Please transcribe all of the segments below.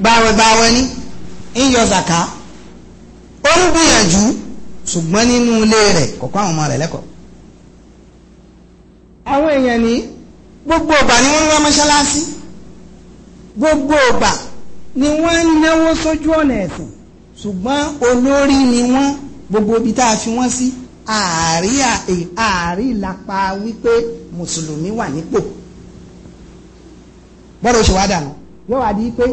gbàwẹ̀gbàwẹ̀ ní ń yọ zàká ó ń gbìyànjú ṣùgbọ́n nínú ilé rẹ̀ kọ̀kọ́ àwọn ọmọ rẹ̀ lẹ́kọ̀ọ́ àwọn èèyàn ní gbogbo ọba ni wọ́n ń wá mọ́ṣáláṣí gbogbo ọba ni wọ́n ń náwó sójú ọ̀nà ẹ̀sìn ṣùgbọ́n olórí ni wọ́n gbogbo ibi tá a fi wọ́n sí ààrí e, ìlàpá wípé mùsùlùmí wà nípò bọ́dọ̀ ṣe wá dànù yóò wá di pé.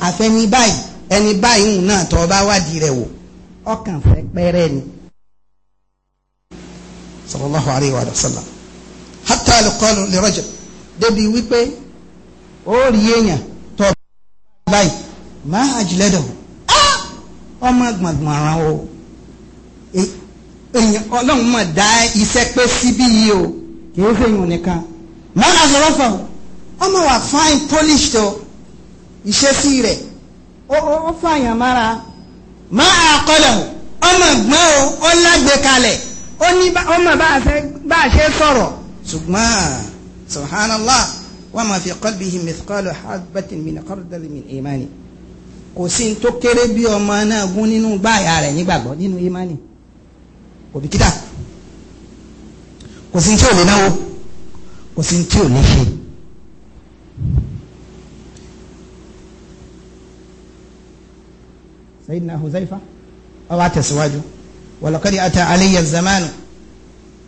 àfẹni báyìí ẹni báyìí náà tọ́ bá wádìí rẹ̀ wò. ọkàn fẹ́ pẹ́rẹ́ ni. sallallahu alayhi wa sallam hatta alqalu li rajul débi wípé ó rí èèyàn tọ́ báyìí máa àjùlẹ̀dọ̀ ọmọ gbọ̀ngbọ̀n ara o e, èèyàn ọlọ́run mọ̀ dá iṣẹ́ pé síbí yìí o kì í fẹ́yìn nìkan máa àzọ̀rọ̀fà o ọmọ wa fine polished o ìṣesí rẹ̀ ó fàyàn mára máa kọlẹ̀ o ọmọ gbọ́n o ó lágbe kalẹ̀ ó ní ọmọ bá a ṣe sọ̀rọ̀ ṣùgbọ́n subhanallah wa ma fi qalbihi mithqalu habbatin min khardalin min imani kò sí ní tó kéré bí ọmọ náà gún nínú gbáàyà rẹ̀ nígbàgbọ́ nínú imani kò bìkítà kò sí ní tí ò lè náwó kò sí ní tí ò lè ṣe. sayidina huzaifa ọwọ́ àtẹ̀síwájú wọ̀lọ́kọ́dì ata aliyah zamanu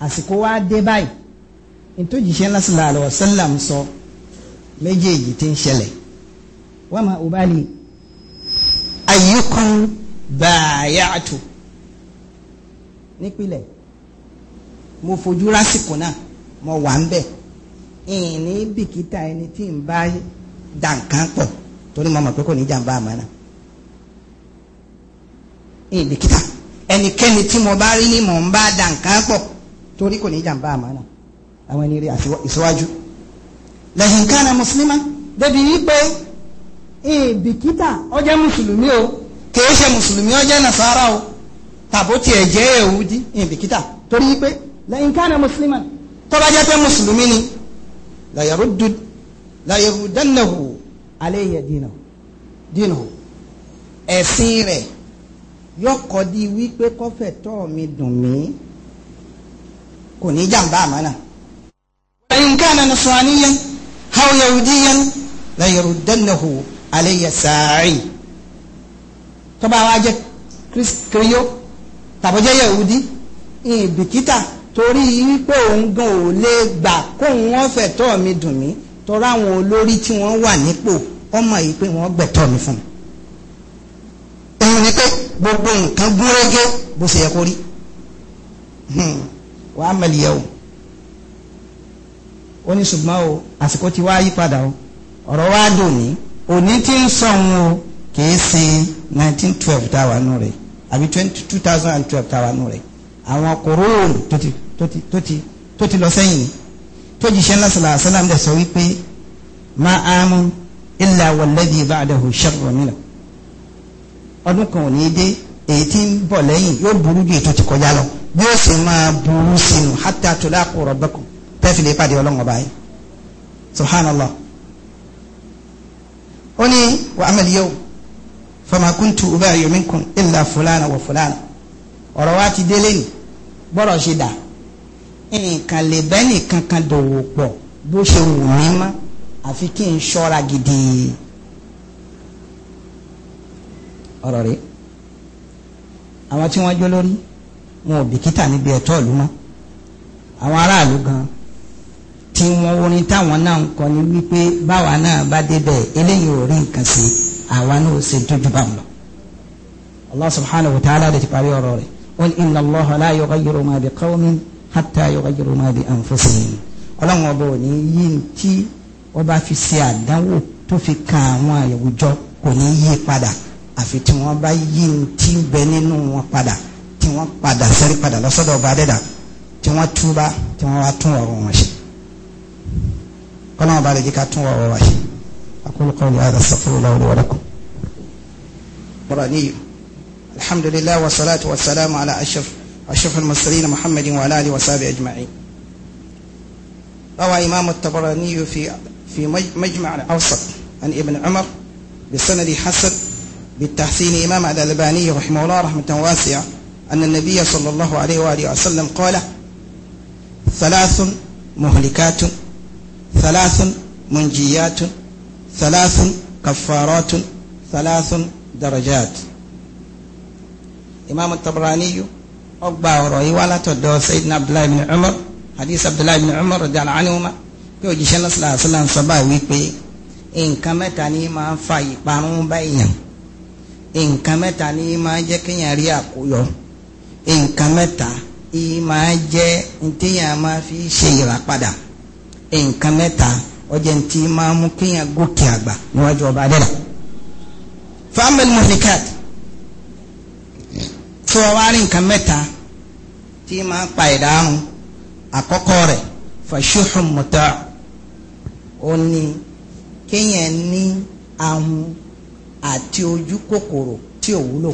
àsìkò wa dé báyìí nítòjìṣẹ́ ńlá sílá àlọ́ sálàm sọ méjèèjì tí ń ṣẹlẹ̀ wọ́n máa ubali ayyukum bàyàtò nípìnlẹ̀ mo fojú lásìkò náà mo wà ń bẹ̀ ìní bìkítà ẹni tí ń bá dàǹkan pọ̀ torí mo mọ̀ pé kò ní jàǹbá àmọ́ ìbìkítà ẹnikẹ́ni tí mo bá rí ni mò ń bá dà nǹkan pọ̀ torí kò ní jàǹbá àmánà àwọn ẹni rí àti ìsíwájú lẹ́yìn kánà mùsùlùmá débi wípé ìbìkítà ó jẹ́ mùsùlùmí o kìí ṣe mùsùlùmí ó jẹ́ nàṣàrà o tàbó tiẹ̀ jẹ́ èwúdí ìbìkítà torí wípé lẹ́yìn kánà mùsùlùmá tó bá jẹ́ pé mùsùlùmí ni làyàrúdú làyàrúdánnáhù aléyẹ dínà dínà ẹ̀sìn yọkọ̀ di wípé kọ́fẹ̀ mi dùn mí kò ní jàǹbá àmánà. in kana nasraniyan aw yahudiyan la yaruddannahu alayya sa'i tó bá wá jẹ́ yahudi ìbìkítà torí wípé òun gan ò lè gbà kóun wọ́n mi dùn mí tọ́ra àwọn olórí tí wà nípò ọmọ yìí pé wọ́n gbẹ̀tọ́ mi fún gbogbo nǹkan gúnrégé bó ṣe yẹ kó rí hmm. wà á mẹ́lì yẹ o ó ní ṣùgbọ́n o àsìkò ti wá yí padà o ọ̀rọ̀ wa dòní òní tí ń sọ̀hún o kìí ṣe nineteen twelve táwa nù rẹ̀ àbí twenty two thousand and twelve táwa nù rẹ̀ àwọn kòróònù tó ti lọ sẹ́yìn tó jíṣẹ́ ńlá sàlá sàlám dẹ̀ sọ wípé ma amun illa walladhi ba'dahu sharrun minhu ọdún kan ò ní dé èyí tí ń bọ̀ lẹ́yìn yóò burú ju ètò ti kọjá lọ bí ó sì máa burú sínú hatta tulaqu rabbakum tẹ́fì lè pàdé ọlọ́run ọba yìí subhanallah ó ní wa amal yawm fama kuntu ubayi minkum illa fulana wa fulana ọ̀rọ̀ wa ti délé ni bọ́rọ̀ ṣe dà nǹkan lè bẹ́ẹ̀ nìkan kan dòwò pọ̀ bó ṣe wù mí mọ́ àfi kí n ṣọ́ra gidi ọ̀rọ̀ rẹ̀ àwọn tí wọ́n jó lórí wọn ò bìkítà níbi ẹ̀tọ́ ìlú mọ́ àwọn aráàlú gan tí wọ́n orin táwọn náà ń kọ ni wípé báwa náà bá débẹ̀ eléyìí ò rí nǹkan sí àwa náà ó ṣe dójú bá wọn lọ. Allah subhanahu wa ta'ala ti parí ọ̀rọ̀ rẹ̀ wọ́n inna Allaha la yughayyiru ma bi qawmin hatta yughayyiru ma bi anfusihim ọlọ́run ọba ò yí tí wọ́n bá fi ṣe àdánwò tó fi kan àwọn àwùjọ kò ní yí padà àfi tí wọ́n bá yí ti bẹ nínú wọn padà tí wọ́n padà sẹ́rí padà lọ́sọ́dọ̀ ọba adẹ́dà tí wọ́n túbá tí wọ́n wá tún ọ̀rọ̀ wọn ṣe kọ́nà ọba lè jẹ́ ká tún ọ̀rọ̀ wa ṣe aqulu qawli hadha astaghfirullah li wa lakum. براني الحمد لله والصلاة والسلام على أشرف أشرف المرسلين محمد وعلى آله وصحبه أجمعين روى إمام الطبراني في في مجمع الأوسط عن ابن عمر بسند حسن بالتحسين إمام الألباني رحمه الله رحمة واسعة أن النبي صلى الله عليه وآله وسلم قال ثلاث مهلكات ثلاث منجيات ثلاث كفارات ثلاث درجات إمام الطبراني أقبع رأي ولا تدو سيدنا عبد الله بن عمر حديث عبد الله بن عمر رضي الله عنهما pé òjíṣẹ́ náà sọ̀rọ̀ àṣìlá ń sọ báyìí wípé nǹkan mẹ́ta ni máa nǹkan mẹ́ta ni máa jẹ́ kéèyàn rí àkóyọ nǹkan mẹ́ta ìyí máa jẹ́ téèyàn máa fi ṣe ìràpadà nǹkan mẹ́ta ọjọ́ tí máa mú kéèyàn gòkè àgbà níwájú ọba adẹ́là family mohnikat tí wọ́n wá rí nǹkan mẹ́ta tí máa pa ìdáhùn àkọ́kọ́ rẹ̀ fàṣíhùn mọ́tà ó ní kéèyàn ní ahun àti ojú kòkòrò tí ò wúlò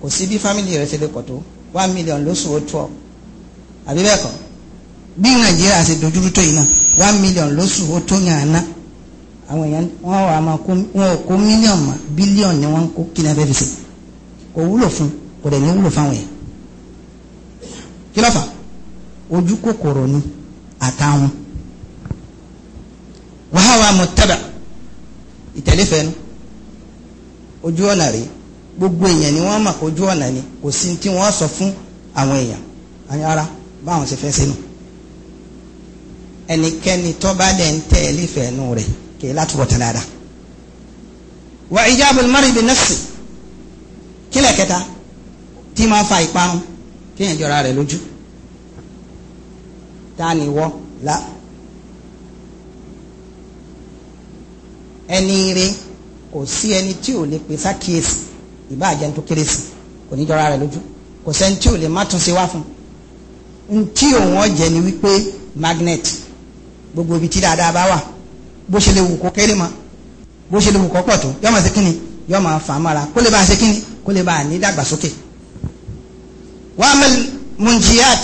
kò sí bí fámìlì rẹ ṣe lè kọ̀ tó one million lóṣù ó ọ àbí bẹ́ẹ̀ kọ́ bí nàìjíríà ṣe dojúrú tó yìí náà one million lóṣù ó tó yàn án ná àwọn èèyàn wọn kó wọn ò kó ni wọ́n kó kí ni wulo fi ṣe kò wúlò fún kò dẹ̀ ní wúlò wàháwà mọ̀tẹ́bà ìtẹ̀lé fẹ́nu ojú ọ̀nà rèé gbogbo èèyàn ni wọ́n mọ̀ ojú ọ̀nà ni kò sí tí wọ́n sọ fún àwọn èèyàn ara báwọn ṣe fẹ́ sínú ẹnikẹ́ni tó bá dẹ̀ ń tẹ̀ lífẹ̀ẹ́nu rẹ̀ kì í láti wọ̀tẹ̀ dáadáa wà ìjábọ̀ mari bi nọ́ọ̀sì kílẹ̀ kẹta tí máa fa ìparun kéèyàn jọra rẹ̀ lójú ta ni wọ́ la. ẹni ire kò sí ẹni tí ò lè pè sákìyèsí ìbáà jẹ́ tó kéré sí kò ní jọra rẹ̀ lójú kò sẹ́ni tí ò lè má tún ṣe wá fún un tí òun ọ̀jẹ̀ ni wípé magnet gbogbo ibi tí dáadáa bá wà bó ṣe lè wù kó kéré mọ́ bó ṣe lè wù kó pọ̀ tó yọ́ máa ṣe kíni yọ́ máa fà á mọ́ra kó lè bá a ṣe kíni kó lè bá a ní dàgbàsókè. wàá mẹ́lì munjiat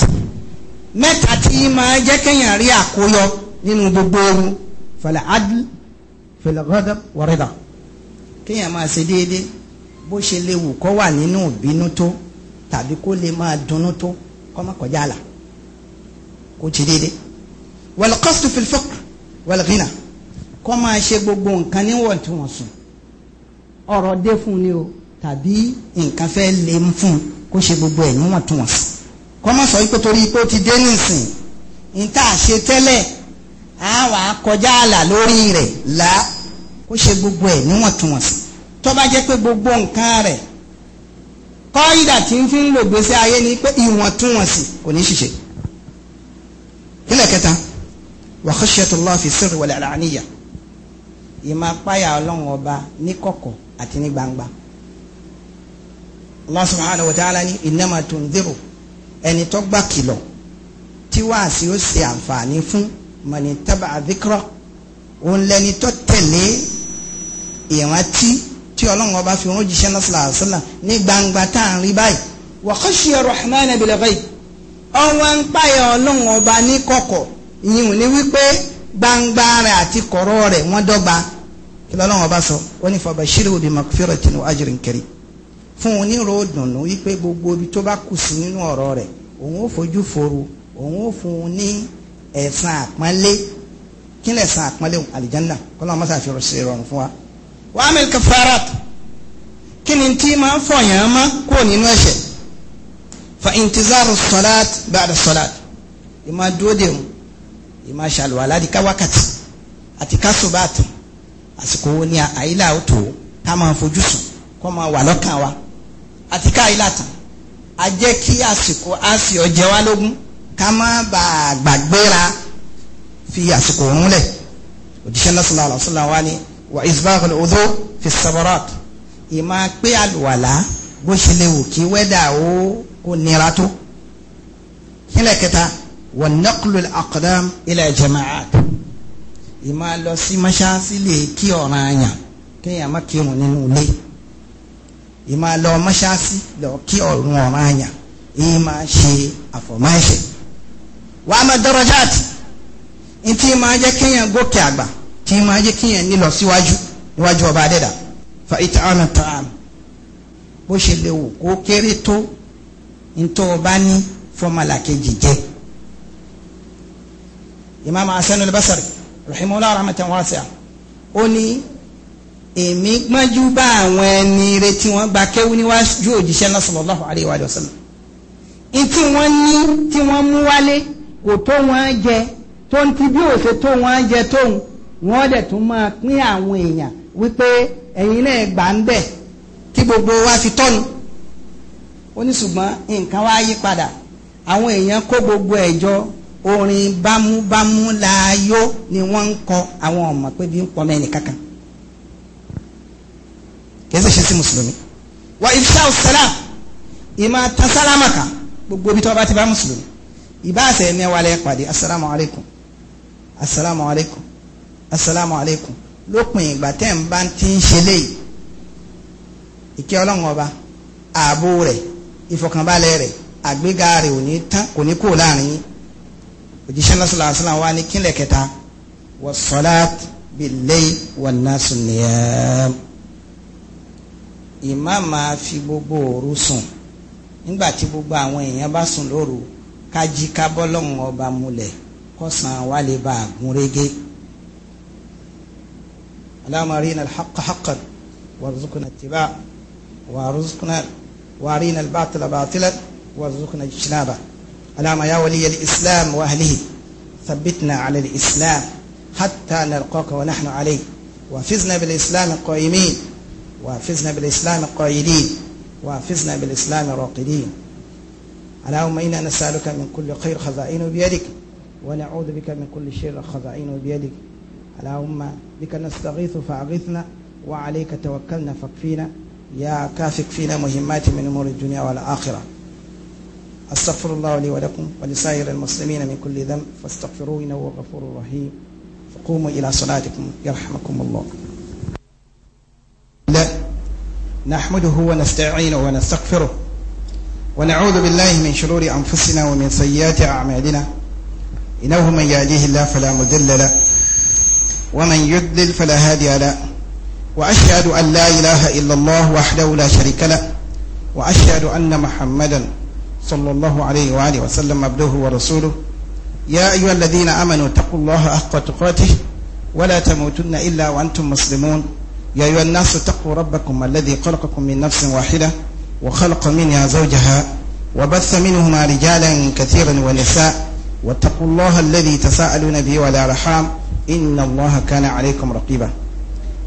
mẹ́ta tí máa jẹ́ kéèyàn rí àkóyọ nínú gbogbo ooru fala adl fil ghadab wa rida kéèyàn máa ṣe déédé bó ṣe léwu kó wà nínú ìbínú tó tàbí kó lè máa dunnú tó kó má kọjá àlà kó ṣe déédé wal qasdu fil faqr wal ghina kó máa ṣe gbogbo nǹkan níwọ̀ntúnwọ̀nsùn ọ̀rọ̀ dé fún ni o tàbí nǹkan fẹ́ lè ń fún kó ṣe gbogbo ẹ̀ níwọ̀ntúnwọ̀nsùn kó má sọ wípé torí pé ti dé nísìn ní ṣe tẹ́lẹ̀ àwa kọjá àlà lórí rẹ̀ làá kó ṣe gbogbo ẹ̀ níwọ̀ntúnwọ̀nsì tó bá jẹ́ pé gbogbo nǹkan rẹ̀ kọ́ídà tí ń fi ń lò gbèsè ayé ni pé ìwọ̀ntúnwọ̀nsì kò ní ṣiṣẹ́ nílẹ̀ kẹta wa khashyatullah fi sirri wal alaniya ìmọ̀ apáyà ọlọ́run ọba ní kọ̀kọ̀ àti ní gbangba Allah subhanahu wa ta'ala ni innama tunziru ẹni tó gbà kìlọ̀ tí wàásì ó ṣe àǹfààní fún mọ̀nì tábà òun lẹni tó tẹ̀lé ìrántí tí ọlọ́run ọba fi wọ́n jíṣẹ́ náà sílá sílá ní gbangba tá à ń rí báyìí wa khashiya rahman bil ghaib ọwọ́ ń páyà ọlọ́run ọba ní kọ̀kọ̀ ìyẹn ò ní wípé gbangba rẹ̀ àti kọ̀rọ̀ rẹ̀ wọ́n dọ́gba kí lọ́lọ́run ọba sọ wọ́n ní fabashiru bi maghfiratin wa ajrin karim fún un ní ròdùnnú wípé gbogbo ibi tó bá kù sí nínú ọ̀rọ̀ rẹ̀ òun ò fojú foro òun ò fún un ní ẹ̀san àpọ́nlé kí lẹ̀san àpọ́nlé àlìjánná kọ́lọ́run mọ́sàáfì rọ̀ sí rọrùn fún wa wàá mi kafarat kí ni tí máa ń fọyàn má kúrò nínú ẹ̀ṣẹ̀ fa intizaru salat ba'da salat ìmá dúró dèun ìmá ṣàlùwàlá di ká wákàtí àti ká sùbàtù àsìkò wo ni àyílà ó tó ká máa fojú sùn kó máa wà lọ́kàn wa àti ká àyílà tán a jẹ́ kí àsìkò àsì ọ̀jẹ̀ wa lógún ká má bàa gbàgbéra fi àsìkò òun lẹ̀ òjíṣẹ́ náà sallallahu alaihi wasallam wa ni wa isbaagun odó fi sabarat ìmọ̀ pé àlùwàlà bó ṣe lè wò kí wẹ́dà ó kó nira tó kílẹ̀ kẹta wa naqlu al-aqdam ila jama'at ìmọ̀ lọ sí mọ́ṣáláṣí lè kí ọ̀ràn àyàn kéèyàn má kírun nínú ilé ìmọ̀ lọ mọ́ṣáláṣí lọ kí ọ̀run ọ̀ràn àyàn èyí máa ṣe àfọ̀máṣe wàá máa darajat ntí máa jẹ́ kéèyàn gòkè àgbà kí máa jẹ́ kí yẹn nílọ síwájú níwájú ọba adẹ́dà fa ita ọ̀nà tààmù bó ṣe lè wò kó kéré tó ntọ́ ọba ní fọmọlà kejì jẹ́ imam hasan al-basri rahimahullah rahmatan wasi'a ó ní èmi gbọ́njú bá àwọn ẹni retí wọn gba kéwú níwájú òjíṣẹ́ náà sallallahu alayhi wa sallam ntí wọ́n ní tí wọ́n mú wálé kò tó wọn jẹ tó ń ti bí òṣè tó wọn jẹ tóun wọ́n dẹ̀ tún máa pín àwọn èèyàn wípé ẹ̀yin náà gbà ń bẹ̀ kí gbogbo wa fi tọ́nu ó ní ṣùgbọ́n nǹkan wá yí padà àwọn èèyàn kó gbogbo ẹ̀jọ́ orin bámúbámú láàyò ni wọ́n ń kọ àwọn ọmọ pé bí ń pọ mẹ́ni kankan kìí ṣe sí mùsùlùmí wà ìfṣà ọ̀sẹ̀lá ìmọ̀ tasálámàkà gbogbo ibi tí wọ́n bá ti bá mùsùlùmí ìbáṣẹ̀ ẹ̀mí ẹ̀wà lẹ́ẹ̀pàdé asalaamualeykum asalaamualeykum asalaamu aleykum lópin ìgbà tẹ́ ń bá ti ń ṣe léyìí ìkẹ́ ọlọ́run ọba ààbò rẹ̀ ìfọkànbalẹ̀ rẹ̀ àgbéga rẹ̀ ò ní tán kò ní kúrò láàrin yín òjíṣẹ́ náà sọ̀rọ̀ àṣàlàn wa ní kílẹ̀ kẹta wà sọ́láàt bìlẹ́yì wà násù nìyẹn. ìmá máa fi gbogbo òru sùn nígbà tí gbogbo àwọn èèyàn bá sùn lóru ká jí lọ́run ọba mulẹ̀ kọ́sàn-án wa bá a gún régé. اللهم ارينا الحق حقا وارزقنا اتباعه وارزقنا وارينا الباطل باطلا وارزقنا اجتنابه اللهم يا ولي الإسلام وأهله ثبتنا على الإسلام حتى نلقاك ونحن عليه وافزنا بالإسلام القائمين وافزنا بالإسلام القائلين وافزنا بالإسلام الراقدين اللهم إنا نسألك من كل خير خزائنه بيدك ونعوذ بك من كل شر خزائنه بيدك اللهم بك نستغيث فأغثنا وعليك توكلنا فاكفينا يا كاف فينا مهمات من أمور الدنيا والآخرة أستغفر الله لي ولكم ولسائر المسلمين من كل ذنب فاستغفروه إنه هو الغفور الرحيم فقوموا إلى صلاتكم يرحمكم الله لا نحمده ونستعينه ونستغفره ونعوذ بالله من شرور أنفسنا ومن سيئات أعمالنا إنه من يهديه الله فلا مضل له ومن يضلل فلا هادي له وأشهد أن لا إله إلا الله وحده لا شريك له وأشهد أن محمدا صلى الله عليه وآله وسلم عبده ورسوله يا أيها الذين آمنوا اتقوا الله حق تقاته ولا تموتن إلا وأنتم مسلمون يا أيها الناس اتقوا ربكم الذي خلقكم من نفس واحدة وخلق منها زوجها وبث منهما رجالا كثيرا ونساء واتقوا الله الذي تساءلون به والأرحام إن الله كان عليكم رقيبا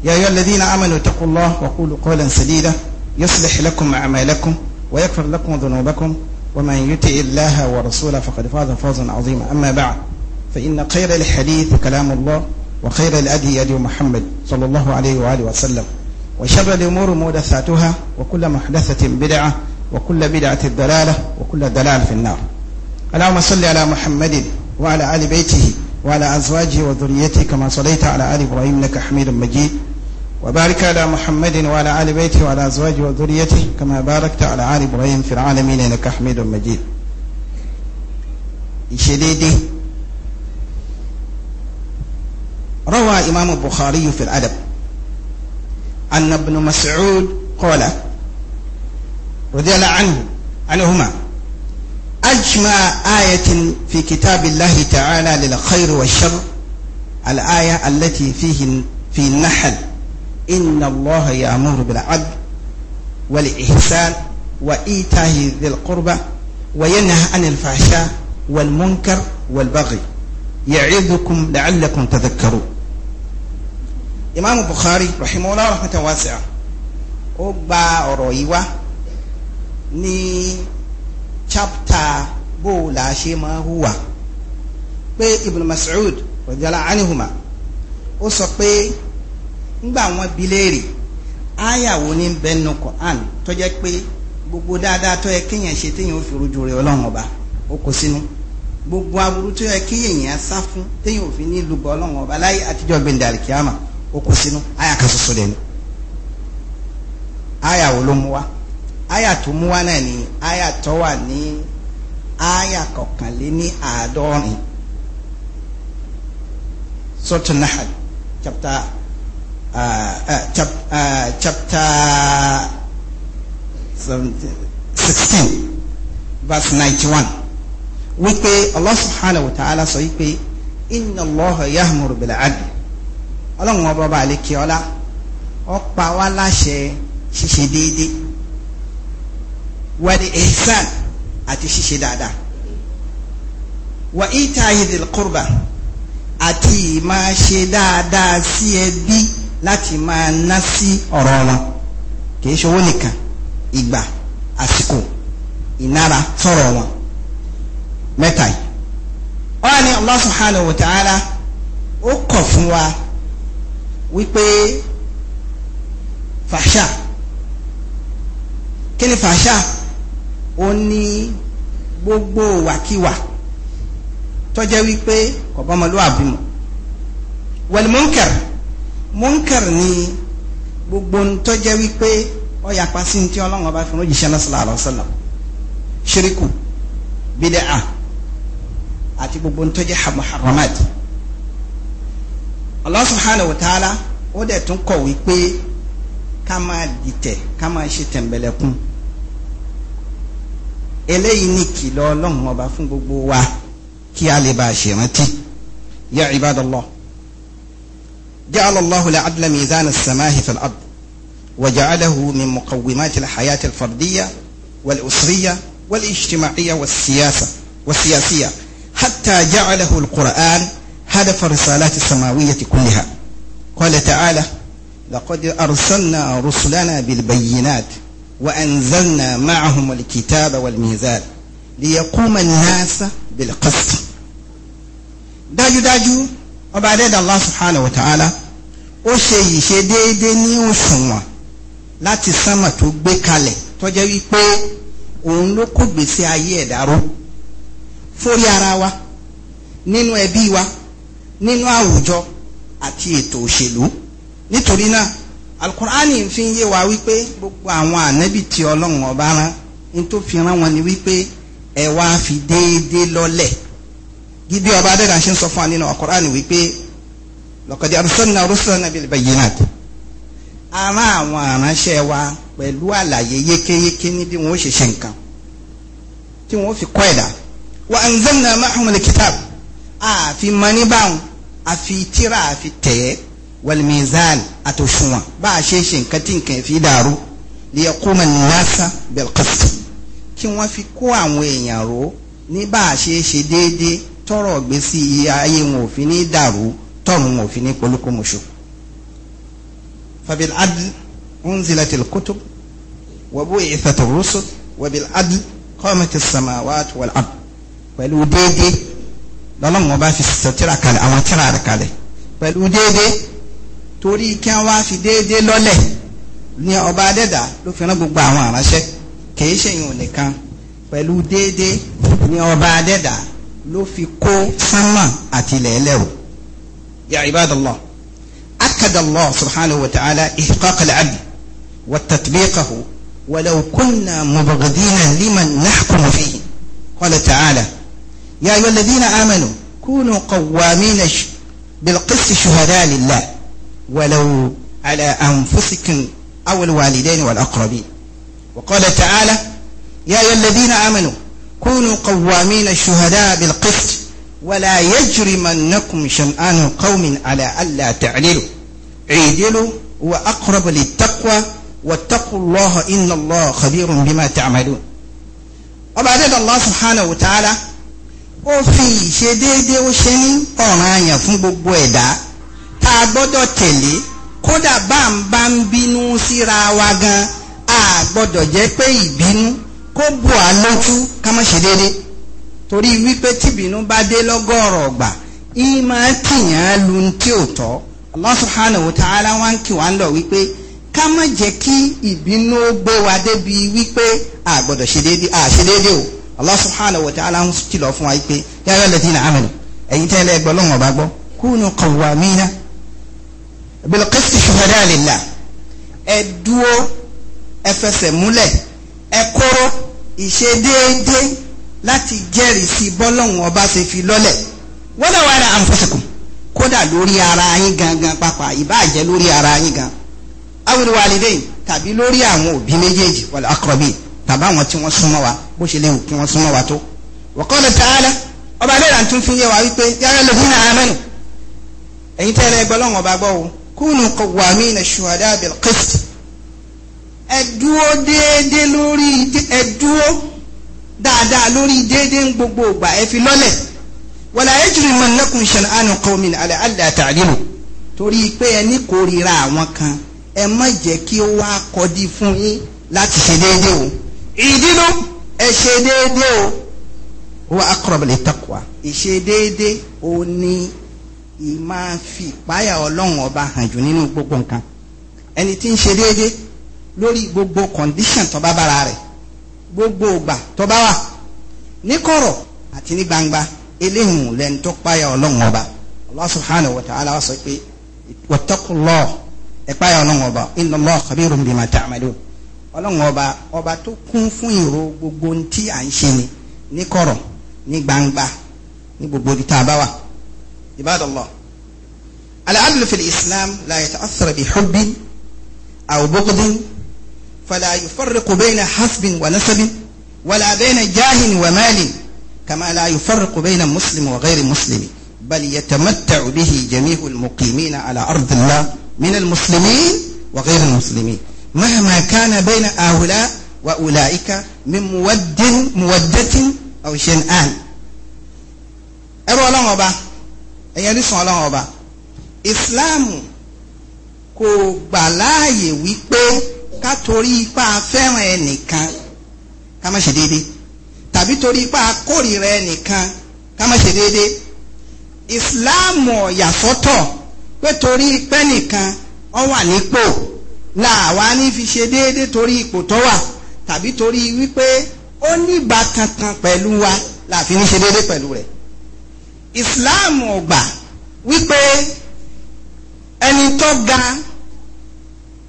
يا أيها الذين آمنوا اتقوا الله وقولوا قولا سديدا يصلح لكم أعمالكم ويغفر لكم ذنوبكم ومن يطع الله ورسوله فقد فاز فوزا عظيما أما بعد فإن خير الحديث كلام الله وخير الأدي هدي محمد صلى الله عليه وآله وسلم وشر الأمور محدثاتها وكل محدثة بدعة وكل بدعة ضلالة وكل ضلال في النار اللهم صل على محمد وعلى آل بيته وعلى أزواجه وذريته كما صليت على آل إبراهيم إنك حميد مجيد وبارك على محمد وعلى آل بيته وعلى أزواجه وذريته كما باركت على آل إبراهيم في العالمين إنك حميد مجيد شديدي روى إمام البخاري في الأدب أن ابن مسعود قال رضي الله عنه عنهما أجمع آية في كتاب الله تعالى للخير والشر الآية التي فيه في النحل إن الله يأمر بالعدل والإحسان وإيتاء ذي القربى وينهى عن الفحشاء والمنكر والبغي يعظكم لعلكم تذكرون إمام البخاري رحمه الله رحمة واسعة أبا رويوة ني chapta bó o là ṣe Ibn Mas'ud rọjàlá anihuma ó sọ pé ńgbà wọn bi n'i áyàwó ní bẹnu Quran pé gbogbo dáadáa tó yẹ kéèyàn ṣe téèyàn ó fi rojú rẹ̀ ọba gbogbo aburú tó yẹ kéèyàn sá fún téèyàn ò fi ní lùgbọ ọba láyé ó kó sínú kan aya tó mú wá náà ni aya tó wà ní aya kọkànléní àádọ́rin sọ́tún náà chapter uh, uh, uh chapter sixteen verse ninety one wípé Allah subhanahu wa ta'ala sọ wípé inna Allaha yahmuru bil adl ọlọ́run ọba ọba àlekè ọlá ó pa wá láṣẹ ṣíṣe déédéé wal ihsan àti ṣíṣe dáadáa wa ita'i dhil qurba àti ìmáa ṣe dáadáa sí ẹbí láti máa ná sí ọ̀rọ̀ wọn kì í ṣowó nìkan ìgbà àsìkò ìnára sọ̀rọ̀ wọn mẹ́ta yìí wọ́n ní Allah subhanahu wa ta'ala ó kọ̀ fún wa wípé fàṣà kí ni fàṣà ó ní gbogbo wàkíwà tó jẹ́ wípé kò bá ọmọlúwàbí mu wal ni gbogbo tó jẹ́ wípé ó yapa sí ti ọlọ́run ọba fún òjíṣẹ́ náà sallallahu alaihi wasallam ṣíríkù bídẹ́à àti gbogbo tó jẹ́ muharramat Allah subhanahu wa ta'ala ó dẹ̀ tún kọ̀ wípé ká máa dìtẹ̀ ká máa ṣe tẹ̀m̀bẹ̀lẹ̀kún. eléyìí ní kìlọ̀ ọlọ́run ọba fún gbogbo wa kí a lè bá a ṣèrántí ya ibadallah ja'ala Allahu al-'adla mizan as-samahi fil ard وجعله من مقومات الحياة الفردية والأسرية والاجتماعية والسياسة والسياسية حتى جعله القرآن هدف الرسالات السماوية كلها قال تعالى لقد أرسلنا رسلنا بالبينات وأنزلنا معهم الكتاب والميزان ليقوم الناس بالقسط dájú dájú ọba adẹ́dà Allah subhanahu wa ta'ala ó ṣe ìṣe déédé ní òṣùwọ̀n láti sánmà tó gbé kalẹ̀ tó jẹ́ wípé òun ló kó gbèsè ayé ẹ̀dá ró fórí ara wa nínú ẹbí wa nínú àwùjọ àti ètò òṣèlú nítorí náà alukur'ani fi ń yé wa wípé gbogbo àwọn ànábì tí ọlọ́run ọba rán ní tó fi rán wọn ni wípé ẹ wá fi déédéé lọ́lẹ̀ gíbí ọba adéga ṣe ń sọ fún wa nínú alukur'ani wípé laqad arsalna rusulana bil bayyinat ara àwọn aránṣẹ́ wa pẹ̀lú àlàyé yékéyéké ní bí wọ́n ṣe ṣe nǹkan tí wọ́n fi kọ́ ẹ̀dá wa anzalna ma'humul kitab àfi mọ́ ní báwọn àfi tíra àfi tẹ̀ẹ́ walmizan àtòṣùwọ̀n bá a ṣe ṣe nǹkan tí nǹkan fi dàrú ní ẹkúnmọ̀ ní wáṣà belkist kí wọ́n fi kó àwọn èèyàn ró ní bá a ṣe ṣe déédéé tọrọ gbèsè ayé wọn ò fi ní dàrú tọrùn wọn ò fi ní polúkúmuṣu. fabil adl unzilat alkutub wa bu'ithat ar-rusul wa bil adl qamat as-samawat wal ard pẹ̀lú déédéé lọ́lọ́mọba fi sọ tíra kalẹ̀ àwọn tíra rẹ̀ kalẹ̀ pẹ̀lú déédéé torí kí wọ́n wá fi déédéé lọ́lẹ̀ ní ọba adẹ́dà ló fi rán gbogbo àwọn àránṣẹ́ kìí ṣèyàn nìkan pẹ̀lú déédéé ní ọba adẹ́dà ló fi kó sánmà àti ilẹ̀ẹ́lẹ̀ o. ya ibadallah allah subhanahu wa ta'ala ihqaq al-abd wa tatbiqahu ولو كنا مبغضين لمن نحكم فيه قال تعالى يا أيها الذين amanu kunu قوامين بالقسط shuhada lillah. ولو على أنفسكم أو الوالدين والأقربين وقال تعالى يا أيها الذين آمنوا كونوا قوامين الشهداء بالقسط ولا يجرمنكم شنآن قوم على ألا تعدلوا عيدلوا وأقرب للتقوى واتقوا الله إن الله خبير بما تعملون وبعد الله سبحانه وتعالى وفي شديد ìṣe déédéé في ṣe a gbọ́dọ̀ tẹ̀lé kódà bá ń bá ń bínú síra wa gan a gbọ́dọ̀ jẹ́ pé ìbínú kó bù á lójú ká má ṣe déédéé torí wípé tìbínú bá dé lọ́gọ́rọ̀ ọ̀gbà ìyí máa tìyàn lu tí ò tọ́ Allah subhanahu wa ta'ala wá ń kì wá ń lọ wípé ká má jẹ́ kí ìbínú gbé wa débi wípé a gbọ́dọ̀ ṣe déédéé a ṣe déédéé o Allah subhanahu wa ta'ala ń kìlọ̀ fún wa wípé ya ayyuhal ladhina amanu ẹ̀yin tẹ́lẹ̀ gbọ́ lọ́wọ́ ọba gbọ́ kunu qawwamina bilqist shuhada lillah ẹ dúró ẹ fẹsẹ̀ múlẹ̀ ẹ kóró ìṣe déédéé láti jẹ́rìí sí bọ́lọ́hún ọba ṣe fi lọ́lẹ̀ wala wala anfusakum kódà lórí ara yín gangan pàápàá ìbáàjẹ́ lórí ara yín gan awil walidayn tàbí lórí àwọn òbí méjèèjì wal aqrabin tàbí àwọn tí wọ́n súnmọ́ wa bó ṣe léwu kí wọ́n súnmọ́ wa tó. wa qala ọba lẹ́la tún fi yé wa wípé yàrá lóbi náà amẹ́nu ẹ̀yin tẹ́lẹ̀ gbọ́ ọba gbọ́ o kúnù qawwamina shuhada bil qist ẹ̀dúó déédé lórí ẹ̀dúó dáadáa lórí déédé ń gbogbo ìgbà ẹ fi lọ́lẹ̀ wala yajrimannakum shan'anu qawmin ala alla ta'dilu torí pé ẹ ní kórìíra àwọn kan ẹ má jẹ́ kí ó wá kọdí fún yín láti ṣe déédé o ìdílú ẹ ṣe déédé o wa aqrab lit ìṣe déédé o ní ìmáa fi ìpáyà ọlọ́run ọba hàn jù nínú gbogbo nǹkan ẹni tí ń ṣe déédéé lórí gbogbo condition tó bá bára rẹ̀ gbogbo ògbà tó bá wà ní kọ̀rọ̀ àti ní gbangba eléhùn lẹ́ni tó páyà ọlọ́run ọba Allah subhanahu wa ta'ala wá sọ pé wattaqullah ẹ páyà ọlọ́run ọba inna Allah khabirun bima ta'malun ọlọ́run ọba ọba tó kún fún ìró gbogbo tí à ń ṣe ni ní kọ̀rọ̀ ní gbangba ní gbogbo ibi tá a bá wà. عباد الله العدل في الإسلام لا يتأثر بحب أو بغض فلا يفرق بين حسب ونسب ولا بين جاه ومال كما لا يفرق بين مسلم وغير مسلم بل يتمتع به جميع المقيمين على أرض الله من المسلمين وغير المسلمين مهما كان بين هؤلاء وأولئك من مود مودة أو شنآن أبو الله ẹ̀yẹn orísun ọlọ́run ọba ìsìláàmù kò gbà láàyè wípé ká torí ipá fẹ́ràn ẹnìkan ká má ṣe déédéé tàbí torí ipá kórìíra ẹnìkan ká má ṣe déédéé ìsìláàmù ọ̀yà sọ́tọ̀ pé torí pẹ́ nìkan ọ wà nípò làwa ní fi ṣe déédéé torí ipò tó wà tàbí torí wípé ó ní ìbátan kan pẹ̀lú wa la fi ní ṣe déédéé pẹ̀lú rẹ̀ islam ò wípé ẹni tó ga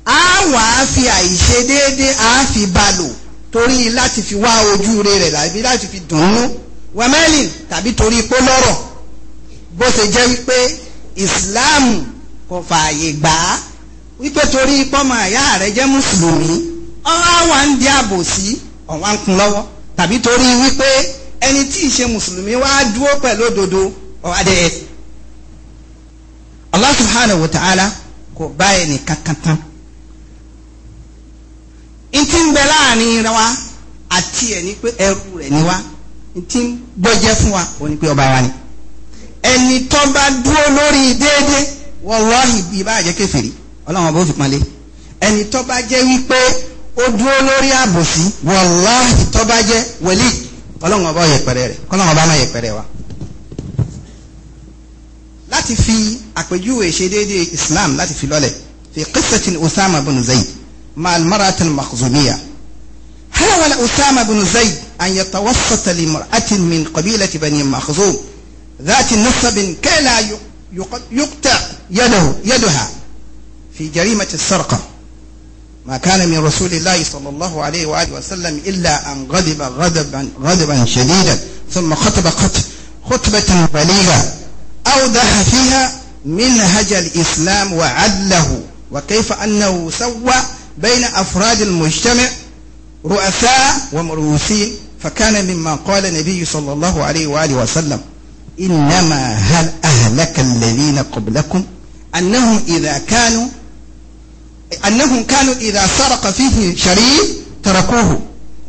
á wà á fi àìṣe déédéé á fi ba lò torí láti fi wá ojú rẹ̀ tàbí láti fi dùnnú wẹ́mẹ́lì tàbí torí pé lọ́rọ̀ bó ṣe jẹ́ wípé islam kò fààyè gbà á wípé torí pọ́mọ àyá rẹ̀ jẹ́ mùsùlùmí ọ̀rọ̀ àwa ń di àbòsí ọ̀wá ń kun lọ́wọ́ tàbí torí wípé ẹni tí ì ṣe mùsùlùmí wá dúró pẹ̀lú òdodo or other earth Allah subhanahu wa ta'ala kò bá ẹni kankan tán ntí ń bẹ láàrin wa àti ẹ̀ ní pé ẹrú rẹ̀ ni wa ntí ń gbọ́jẹ́ fún wa ò ní pé ọba wa ni ẹni tó bá dúró lórí déédéé wallahi bí bá jẹ́ kèfèrí ọlọ́run ọba ó fi pọ́nlé ẹni tó bá jẹ́ wípé ó dúró lórí àbòsí wallahi tó bá jẹ́ wẹ̀lí ọlọ́run ọba ó yẹpẹrẹ rẹ̀ kọ́lọ́run ọba má yẹpẹrẹ wa. láti fi àpèjúwe ṣe déédéé islam láti fi lọ́lẹ̀ fi qissatin usama bin zayd ma'al maratil makhzumiyya hawala usama bin zayd an yatawassata li mar'atin min qabilati bani makhzum ذات نصب كي لا يقطع يده يدها في جريمة السرقة ما كان من رسول الله صلى الله عليه وآله وسلم إلا أن غضب غضبا غضبا شديدا ثم خطب خطبة بليغة أوضح فيها منهج الإسلام وعدله وكيف أنه سوى بين أفراد المجتمع رؤساء ومرؤوسين فكان مما قال النبي صلى الله عليه وآله وسلم إنما هل أهلك الذين قبلكم أنهم إذا كانوا أنهم كانوا إذا سرق فيه شريف تركوه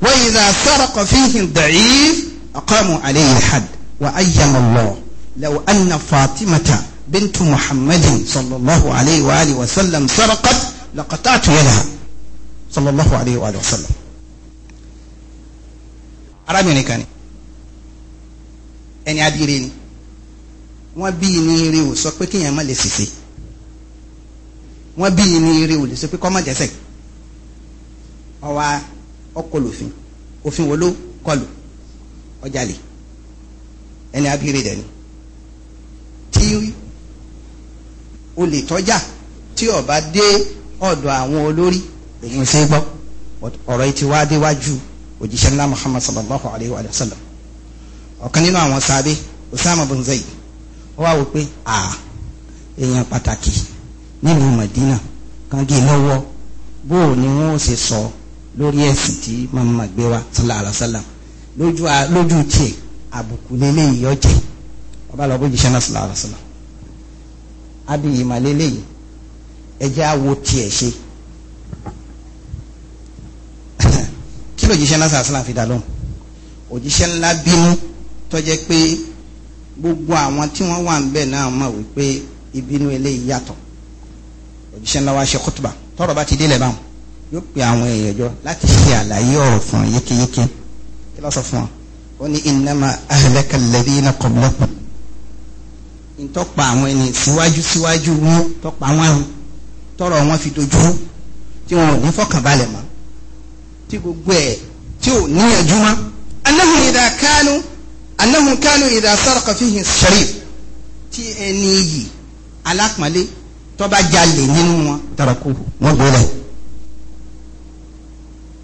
وإذا سرق فيه ضعيف أقاموا عليه الحد وأيم الله لو أن فاطمة بنت محمد صلى الله عليه وآله وسلم سرقت لقطعت يدها صلى الله عليه وآله وسلم arábìnrin kan ni ẹni adire ni wọ́n bí ní eré ò sọ pé kéèyàn má lè ṣìṣe wọ́n bí ní eré ò lè sọ pé kọ́ má jẹ́sẹ̀ ọwọ́ ọkọlùfin òfin wo ló kọlù ọjà lè ẹni adire dẹ̀ ni tí olè tọ́jà tí ó bá dé ọ̀dọ̀ àwọn olórí èyí ṣe gbọ́ ọ̀rọ̀ yìí ti wá déwájú òjíṣẹ́ ńlá muhammad sallallahu alayhi wa sallam ọ̀kan nínú àwọn sábẹ́ osama bin zayd ó wá wò pé à èèyàn pàtàkì nílùú madina kan gé lọ́wọ́ bó o ni wọ́n ṣe sọ lórí ẹ̀sìn tí màmá gbé wa sallallahu alayhi wa sallam lójú tiẹ̀ àbùkù lélẹ́yìí ọ̀jẹ̀ ọba lọ bójú sẹ́nà sílá àrùsílá abi ìmàlélẹ́ yìí ẹjẹ́ awo tiẹ̀ ṣe kí ló jíṣẹ́ náà sàásìlà fi dá lóhùn òjíṣẹ́ ńlá bínú tọ́jẹ́ pé gbogbo àwọn tí wọ́n wà ń bẹ̀ náà mọ̀ wípé ìbínú eléyìí yàtọ̀ òjíṣẹ́ ńlá wa ṣe kútùbà tọ́rọ̀ bá ti délẹ̀ báwọn yóò pe àwọn èèyàn jọ láti ṣe àlàyé ọ̀rọ̀ fún yékéyéké kí ló sọ fún wọn ó ní innama ahlaka alladhina qablakum ntọ́pa àwọn ẹni síwájú síwájú wọn tọ́pa wọn ahùn tọrọ wọn fi dojú tí wọn ò ní fọkànbalẹ̀ mọ́ tí gbogbo ẹ̀ tí ò níyànjú mọ́ anahun ìdá kánú anahun kánú ìdá sọ́rọ̀kọ̀ fi hìn sẹ́rí tí ẹni yìí alápọ̀nlé jalè nínú wọn tàràkù wọn gbọ́dọ̀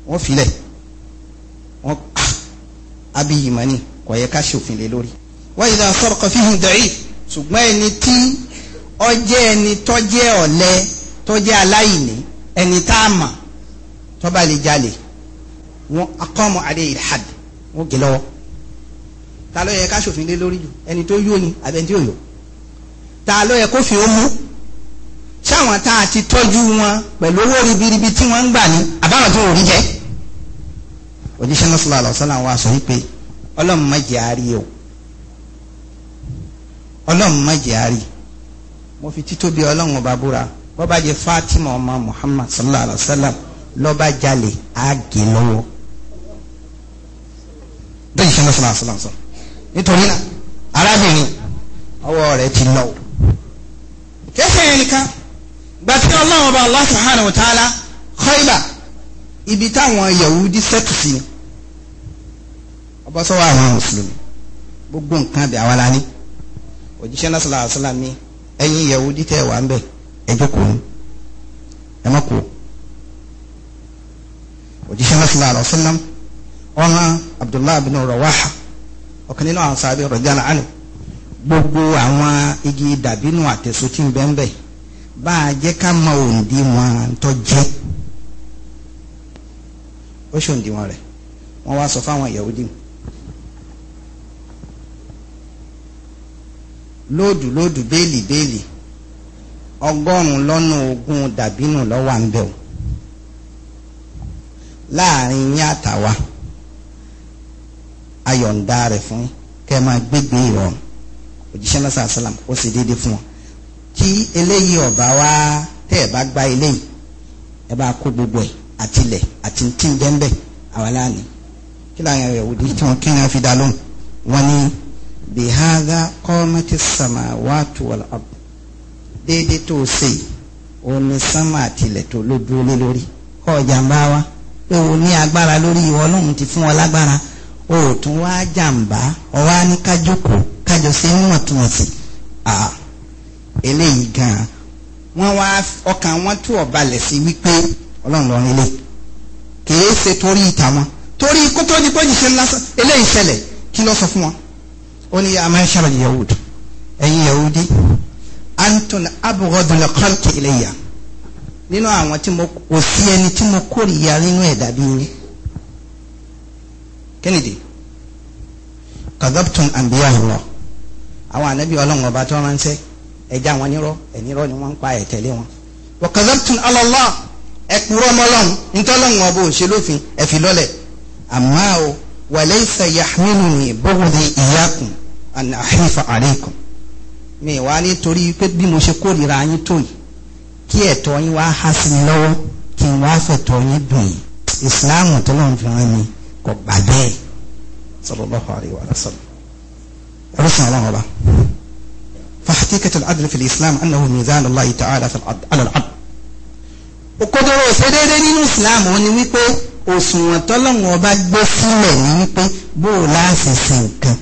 wọ́n filẹ̀ wọ́n ah, abiyimani kò ká ṣòfin lé lórí wáyé ìdá sọ́rọ̀kọ̀ fi ṣùgbọ́n ẹni tí ó jẹ́ ẹni tó jẹ́ ọ̀lẹ tó jẹ́ aláìní ẹni tá a mà tó bá lè jalè wọn akọ́mọ adé ìhàd wọn gé lọ́wọ́ ta ló yẹ ká ṣòfin lé lórí jù ẹni tó yó ni àbẹ̀ntí òyò ta ló yẹ kó fi ó mú sáwọn tá a ti tọ́jú wọn pẹ̀lú owó ribiribi tí wọ́n ń gbà ní àbáwọn tó rí jẹ́ òjíṣẹ́ náà sallallahu alaihi wasallam wa sọ wípé ọlọ́run má jẹ́ àárí o ọlọ́run má jẹ́ àárí mo fi títóbi ọlọ́run ọba búra bọ́bá jẹ́ Fatima ọmọ Muhammad sallallahu alayhi wa sallam lọ́ba jalè àgè lọ́wọ́ bẹ́ẹ̀ ṣe lọ́sọ̀rọ̀ àṣàlàṣọ nítorí náà arábìnrin ọwọ́ rẹ̀ ti lọ́wọ́ kẹsẹ̀ yẹn nìkan gbàtí ọlọ́run ọba Allah subhanahu wa ta'ala Khaybar ibi táwọn Yahudi sẹ́tù sí ọbọ̀ sọ́wọ́ àwọn mùsùlùmí gbogbo nǹkan bẹ̀ àwa la ní òjíṣẹ́ náà sọlá àṣàlá mi ẹ̀yin Yẹhudi tẹ́ wà ń bẹ̀ ẹ jókòó ẹ má kú òjíṣẹ́ náà sọlá àṣàlá Abdullahi bin Rawaha ọ̀kan nínú àwọn sábẹ́ rọ̀jàlá àná gbogbo àwọn igi dàbínú àtẹ̀só tí ń bẹ́ ń bẹ̀ bá a jẹ́ ká mọ òǹdí wọn tó jẹ́ ó ṣòǹdí wọn rẹ̀ wọ́n wá sọ fáwọn Yẹhudi mi. lóòdù lóòdù béèlì béèlì ọgọ́rùn-ún lọ́nà ogún dàbínù lọ́wọ́ à ń bẹ̀ o láàrin yín àtàwa ayọ̀ǹda rẹ̀ fún kẹ́ ẹ máa gbégbé ìrọ̀rùn òjíṣẹ́ náà sàásàlám ó sì déédéé fún wọn kí eléyìí ọ̀bá wá tẹ́ ẹ̀ bá gba eléyìí ẹ bá kó gbogbo ẹ̀ àtilẹ̀ àti tí ń jẹ́ ń bẹ̀ àwa láàánú kí láàrin rẹ̀ wò tí wọ́n kí wọ́n fi dá lóhùn wọ́n ní bihada kọ́mẹ́tì sàmà wàtú wàlá déédéé tó ṣe òní sánmà àtìlẹ̀ tó ló dúró lé lórí kọ́ jàǹbá wa pé o ní agbára lórí ìwọ ọlọ́run ti fún ọ lágbára o ò tún wá jàǹbá ọ wá ní kájókòó kájọ sí níwọ̀ntúnwọ̀nsì eléyìí gan-an wọ́n wá ọkàn wọn tú ọ̀balẹ̀ sí wípé ọlọ́run lọ́rùn ilé kìí ṣe torí ìtàwọn torí kótó ní pọ́jì ṣe ńlá eléyìí ṣẹlẹ̀ kí ló sọ fún wọn ó ní ya mashara yahud ẹ̀yin yahudi anton abghadul khalqi ilayya nínú àwọn tí mo kò sí ẹni tí mo kórìíra nínú ẹ̀dá bí yín kennedy kadhabtum anbiya Allah àwọn ànábì ọlọ́run ọba tó ránṣẹ́ ẹja wọn nírọ́ ẹ̀nírọ́ ni wọ́n ń pa ẹ̀tẹ̀lé wọn wa kadhabtum ala Allah ẹ̀kúrọ́ mọ́lọ́run ntọ́lọ́run ọba òṣèlófin ẹ̀fìlọ́lẹ̀ àmọ́ o wàlẹ́sà yahmiluni bọ́gùdì ìyákùn àná àhífà àríkùn mi wá nítorí pé bí mo ṣe kórìíra yín tó yìí kí ẹ̀tọ́ yín wá há sí mi lọ́wọ́ kí n wá fẹ̀tọ́ yín dùn yìí ìsìláàmù tó lọ́n fi hàn mí kò gbà bẹ́ẹ̀ sallallahu alayhi wa sallam رسم الله الله فحقيقة العدل في الإسلام أنه ميزان الله تعالى في العدل على العدل وقدروا سيدنا الإسلام ونويكو òṣùwọ̀n tọ́lọ́wọ̀n ọba gbé sílẹ̀ ní wípé bó o láàṣì sí nǹkan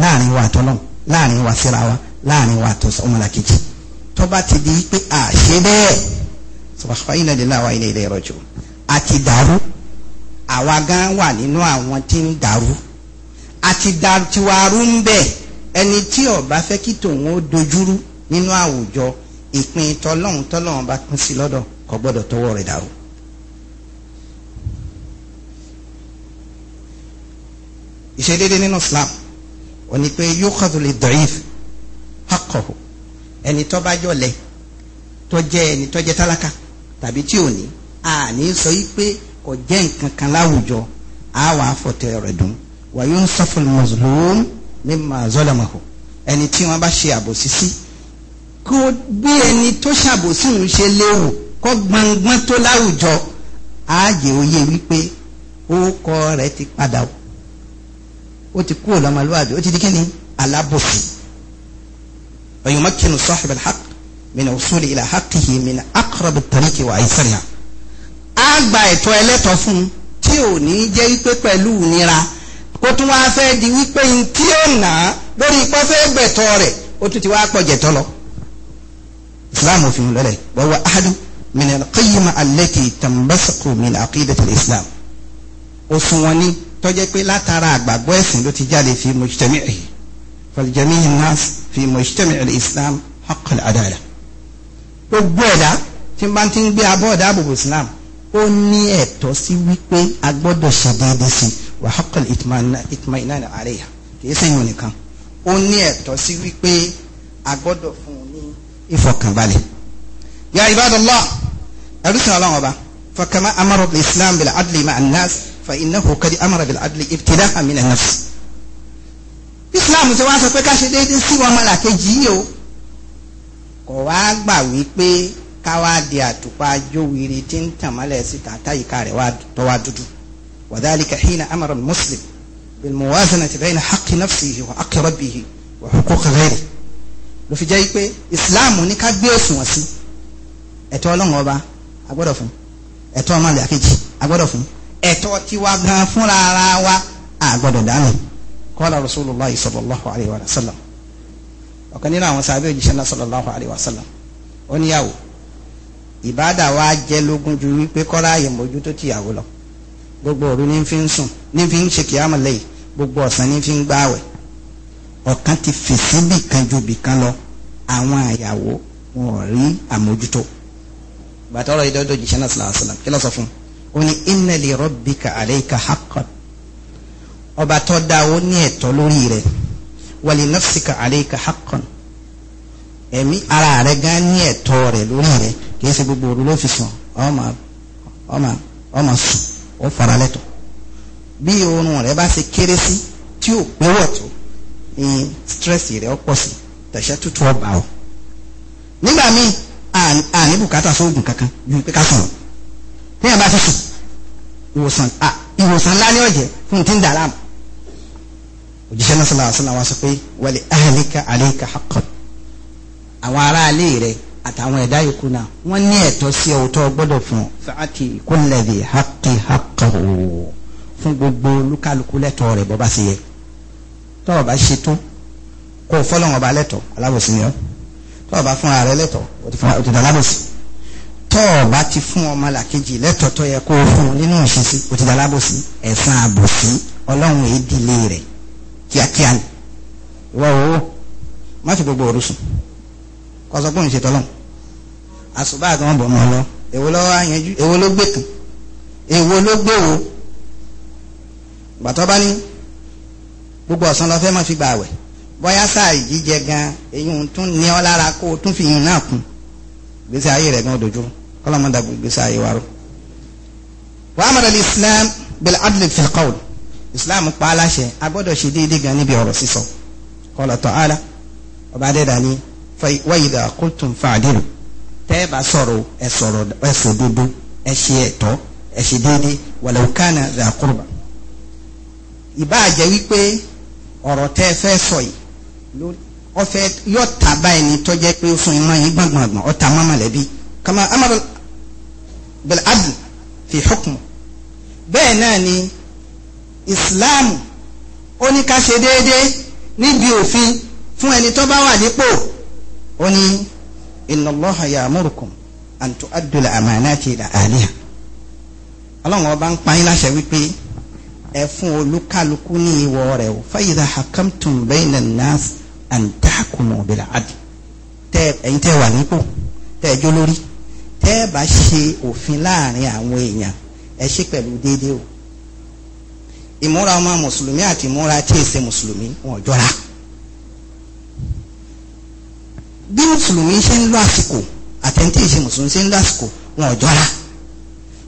láàrin wa tọ́lọ́wọ̀n láàrin wa síra wa láàrin wa tó ọmọlàkejì tó bá ti di pé àṣẹ bẹ́ẹ̀ subahana de la wa ilé ilé rọjò àti dàrú àwa gan wà nínú àwọn tí ń dàrú àti dàrú tiwaru ń bẹ ẹni tí ọba fẹ́ kí tòun ó dojúrú nínú àwùjọ ìpín tọlọ́hún tọlọ́hún bá pín sí lọ́dọ̀ kò gbọ́dọ̀ tọwọ́ rẹ̀ dàrú. ìṣedédé nínú Islam ó ní pé yukhadhu lid-da'if haqqahu ẹni tó bá jọ̀lẹ tó jẹ́ ẹni tó jẹ́ tálákà tàbí tí ò ní a ní sọ yí pé kò jẹ́ nǹkan kan láwùjọ a wà á fọ̀tẹ̀ rẹ̀ dùn wa yunsafu al-mazlum mimma zalamahu ẹni tí wọ́n bá ṣe àbòsí sí kó gbé ẹni tó ṣàbòsí ń ṣe léwu kó gbọngbọ́n tó láwùjọ ààyè òye wípé ó kọ rẹ̀ ti padà wò ó ti kúrò lọ́mọlúwàbí ó ti di kíni alábòsí ọ̀yùn mọ́kìnnù sọ́ọ̀hìbà hàk mìnà òṣùlì ilà hàkìhì mìnà àkọ́rọ̀bù tàríkì wà àìsàrìhà á gba ẹ̀tọ́ ẹlẹ́tọ̀ fún tí ò ní jẹ́ wípé pẹ̀lú ìnira kó tún wá fẹ́ di wípé n tí ó nà á lórí ipò fẹ́ gbẹ̀tọ́ rẹ̀ ó tún ti wá pọ̀ jẹ̀tọ́ lọ. islam ò lọ́lẹ̀ wọ́n ahadu mìnà al-qayyima allati tambasiqu min aqidati al-islam òṣùwọ̀n ni tọ́jẹ́ pé látara àgbàgbọ́ ẹ̀sìn ló ti jáde fi mujtami'i faljami'i nas fi mujtami'i al-islam haqq al-adala gbogbo ẹ̀dá tí n bá ti ń gbé abọ́ ìdáàbòbò islam ó ní ẹ̀tọ́ sí wípé a gbọ́dọ̀ ṣe déédéé sí wa haqq al-itma'inana alayha kìí sẹ́yìn nìkan ó ní ẹ̀tọ́ sí wípé a gbọ́dọ̀ fún un ní ìfọkànbalẹ̀ ya ibadallah ẹ̀rú sìn ọlọ́run ọba fakama فإنه قد أمر بالعدل ابتداء من النفس Islam ṣe wá sọ pé ká ṣe déédéé sí wọn ọmọlàkejì yìí o kò wá gbà wípé ká wá di àtùpà jówìrì tí ń tàn mọ́lẹ̀ síta táyìká rẹ̀ tó wá dúdú وذلك حين أمر المسلم بالموازنة بين حق نفسه وحق ربه وحقوق غيره ló fi jẹ́ pé Islam ní ká gbé òṣùwọ̀n sí ẹ̀tọ́ Ọlọ́run ọba agbọ́dọ̀ fún ẹ̀tọ́ ọmọlàkejì agbọ́dọ̀ fún ẹ̀tọ́ tiwa gan fúnra ara wa àgbọ̀dọ̀ dànù kọ́lá rasulillah sallallahu alayhi wa sallam ọ̀kan nínú àwọn sábẹ́ òjíṣẹ́ náà sallallahu alayhi wa sallam ó níyàwó ìbádà wa jẹ́ lógún ju wípé kọ́lá àyè mójútó tìyàwó lọ gbogbo òru ní fi ń sùn ní fi ń ṣe kìámù lẹ́yìn gbogbo ọ̀sán ní fi ń gbáwẹ̀ ọ̀kan ti fèsì bì kan ju bì kan lọ àwọn àyàwó wọn rí àmójútó gbàtọ́rọ̀ ìdọ́dọ̀ òjíṣẹ́ ó ní inna li rabbika alayka haqqan ọba tó dá ó ní ẹ̀tọ́ lórí rẹ̀ wa li nafsika alayka haqqan ẹ̀mí ara rẹ̀ gan ní ẹ̀tọ́ rẹ̀ lórí rẹ̀ kì í ṣe gbogbo òru ló fi sùn ọmọ ọmọ ọmọ sùn ó fara lẹ́tọ̀ bí oorun rẹ̀ bá ṣe kéré sí tí ò pé wọ̀tún ní stress rẹ̀ ó pọ̀ sí tẹ̀sẹ̀ tútù ọba o nígbà míì àní bùkátà sóògùn kankan ju pé ká sọ̀rọ̀ ní ìyàbá sísù ìwòsàn à ìwòsàn ńlá ní ọ̀jẹ̀ fún ti ń dà láàmú òjíṣẹ́ náà sọ̀rọ̀ àṣọ làwọn sọ pé wali ahlika alayka haqqan àwọn aráalé rẹ àtàwọn ẹ̀dá yòókù náà wọ́n ní ẹ̀tọ́ sí ọ̀tọ́ gbọ́dọ̀ fún fàátì kúnlẹ̀dì haqqi haqqahu fún gbogbo olúkálukú lẹ́tọ̀ọ́ rẹ̀ bọ́ba sí yẹ tọ́wọ́ bá ṣe tó kó o fọ́lọ́wọ́n ba lẹ́tọ̀ọ́ alábòsí ni ọ́ tọ́wọ́ bá fúnra rẹ lẹ́tọ̀ọ́ òtún alábòsí tọ́ ọ bá ti fún ọmọ làkejì lẹ́tọ̀ọ́ yẹ kó fún un nínú ìṣesí o ti dà lábòsí ẹ̀san àbòsí ọlọ́run èédìlé rẹ̀ kíákíá ni ìwọ owó má fi gbogbo òru sùn kọ́ sọ pé òun ṣe tọ́lọ́run àṣùbà àti wọn bọ̀ mọ́ lọ èwo lọ́wọ́ àyànjú èwo ló gbé kan èwo ló gbé wo gbàtọ́ bá ní gbogbo ọ̀sán lọ fẹ́ máa fi gbà wẹ̀ bóyá sáà jíjẹ gan eyín tún ní ọ lára kó tún fi yìn náà kún gbèsè ayé rẹ̀ gan odòdúró ọlọ́mọ dàgbò gbèsè ayé wa rò. wa amara islam bil adl fil qawl islam pa á láṣẹ a gbọ́dọ̀ ṣe déédéé gan níbi ọ̀rọ̀ sísọ qala ta'ala ọba adẹ́dà ni wa idha qultum fa'dilu tẹ́ ẹ bá sọ̀rọ̀ ẹ sọ̀rọ̀ ẹ sọ dodo ẹ ṣe ẹ̀tọ́ ẹ ṣe déédéé kana dha qurba ìbáà jẹ́ wípé ọ̀rọ̀ tẹ́ ẹ fẹ́ sọ yìí ọfẹ yóò ta báyìí ni tọ́jẹ́ pé fún iná yìí gbọ̀ngbọ̀ngbọ̀n ọ̀tá mọ́mọ́lẹ́bí kama amara bil'adl fi hukmu bẹ́ẹ̀ náà ni islam ó ní ká ṣe déédéé níbi òfin fún ẹni tó bá wà nípò ó ní inna Allaha ya'murukum an tu'addu al-amanati ila ahliha ọlọ́run ọba ń pa yín láṣẹ wípé ẹ fún olúkálukú ní ìwọ rẹ̀ o fa hakamtum bayna nas an tahkumu tẹ ẹ̀yin tẹ wà nípò tẹ ẹjọ́ lórí tẹ́ ẹ bá ṣe òfin láàrin àwọn èèyàn ẹ ṣe pẹ̀lú déédéé o ìmúra ọmọ mùsùlùmí àti ìmúra tí èsè mùsùlùmí wọn jọra bí mùsùlùmí ṣe ń lọ àsìkò àtẹ̀ntì ìṣe mùsùlùmí ṣe ń lọ àsìkò wọn jọra